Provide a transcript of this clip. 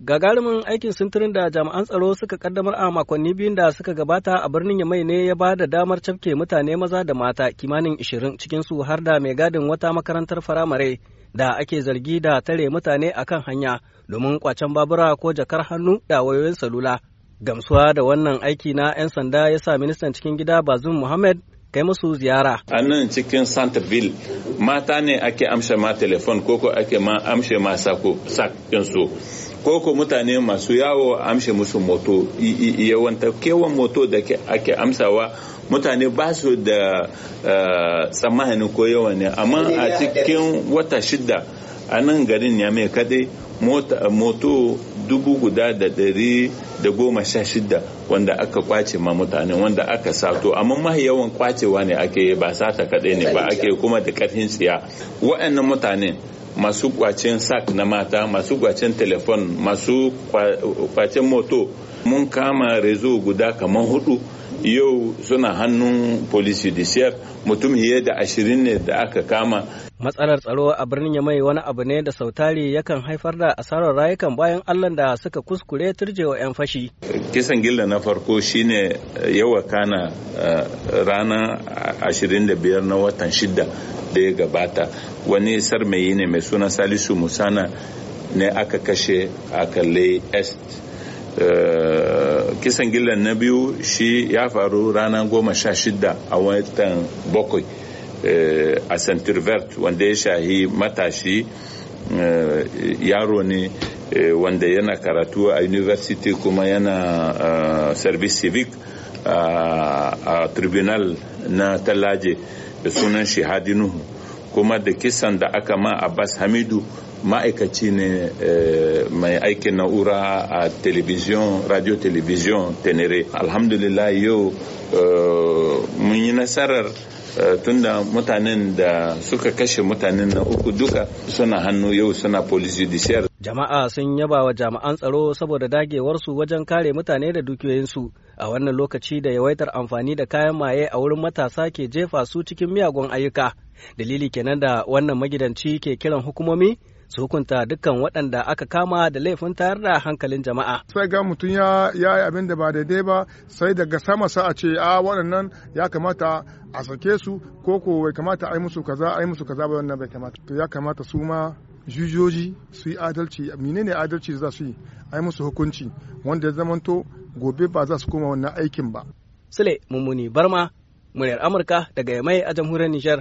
Gagarumin aikin sintirin da jami'an tsaro suka kaddamar a makonni biyun da suka gabata a birnin Yamai ne ya ba da damar cafke mutane maza da mata kimanin ishirin cikinsu har da mai gadin wata makarantar firamare da ake zargi da tare mutane a kan hanya domin kwacen babura ko jakar hannu da wayoyin salula. Gamsuwa da wannan aiki na 'yan sanda ya sa ministan cikin gida Bazum Muhammad kai musu ziyara. A nan cikin Santville mata ne ake amshe ma telefon koko ake ma amshe ma sako sakinsu. Koko mutane masu yawo amshe musu moto yawanta kewan moto da ake amsawa mutane ba su da eh, tsammanin ko yawa ne amma a cikin wata shida a nan garin ya mai kadai moto dubu guda da dari da goma sha shida wanda aka kwace ma mutane wanda aka sato amma mahi yawan kwacewa ne ake ba sata kaɗai ne ba ake kuma da ƙarfin tsiya waɗannan mutane masu kwacen sak na mata masu kwacen telefon masu kwacen moto mun kama rezo guda kamar hudu yau suna hannun police siyar mutum fiye da ashirin ne da aka kama matsalar tsaro a birnin mai wani abu ne da sautari yakan haifar da asarar rayukan bayan allah da suka kuskure wa 'yan fashi kisan gilla na farko shine eh, yawa kana eh, rana ashirin da biyar na watan shida da ya gabata wani sar yi ne mai suna salisu musana ne aka kashe a kalle est eh, kisan gillan na biyu shi ya faru ranar goma sha shida a watan bakwai eh, a centurvert wanda ya shahi matashi eh, yaro ne eh, wanda yana karatu a university kuma yana service civic a tribunal na talaje da sunan shi kuma da kisan da aka ma abbas hamidu ma'aikaci ne mai aikin na'ura a television radio television tenere alhamdulillah yau eh, mun yi nasarar eh, tunda mutanen da suka kashe mutanen na uku duka suna hannu yau suna polis judiciaire jama'a sun yaba wa jami'an tsaro saboda dagewarsu wajen kare mutane da dukiyoyinsu a wannan lokaci da yawaitar amfani da kayan maye a wurin matasa ke jefa su cikin miyagun ayyuka dalili kenan da wannan magidanci ke kiran hukumomi su hukunta dukkan waɗanda aka kama da laifin tayar da hankalin jama'a. Sai ga mutum ya yi abin da ba daidai ba sai daga sama sa a ce a waɗannan ya kamata a sake su ko ko bai kamata a yi musu kaza a yi musu kaza ba wannan bai kamata. To ya kamata su ma jujoji su yi adalci menene adalci za su yi a yi musu hukunci wanda ya zamanto gobe ba za su koma wannan aikin ba. Sule Mummuni Barma, muryar Amurka daga Yamai a jamhuriyar Nijar.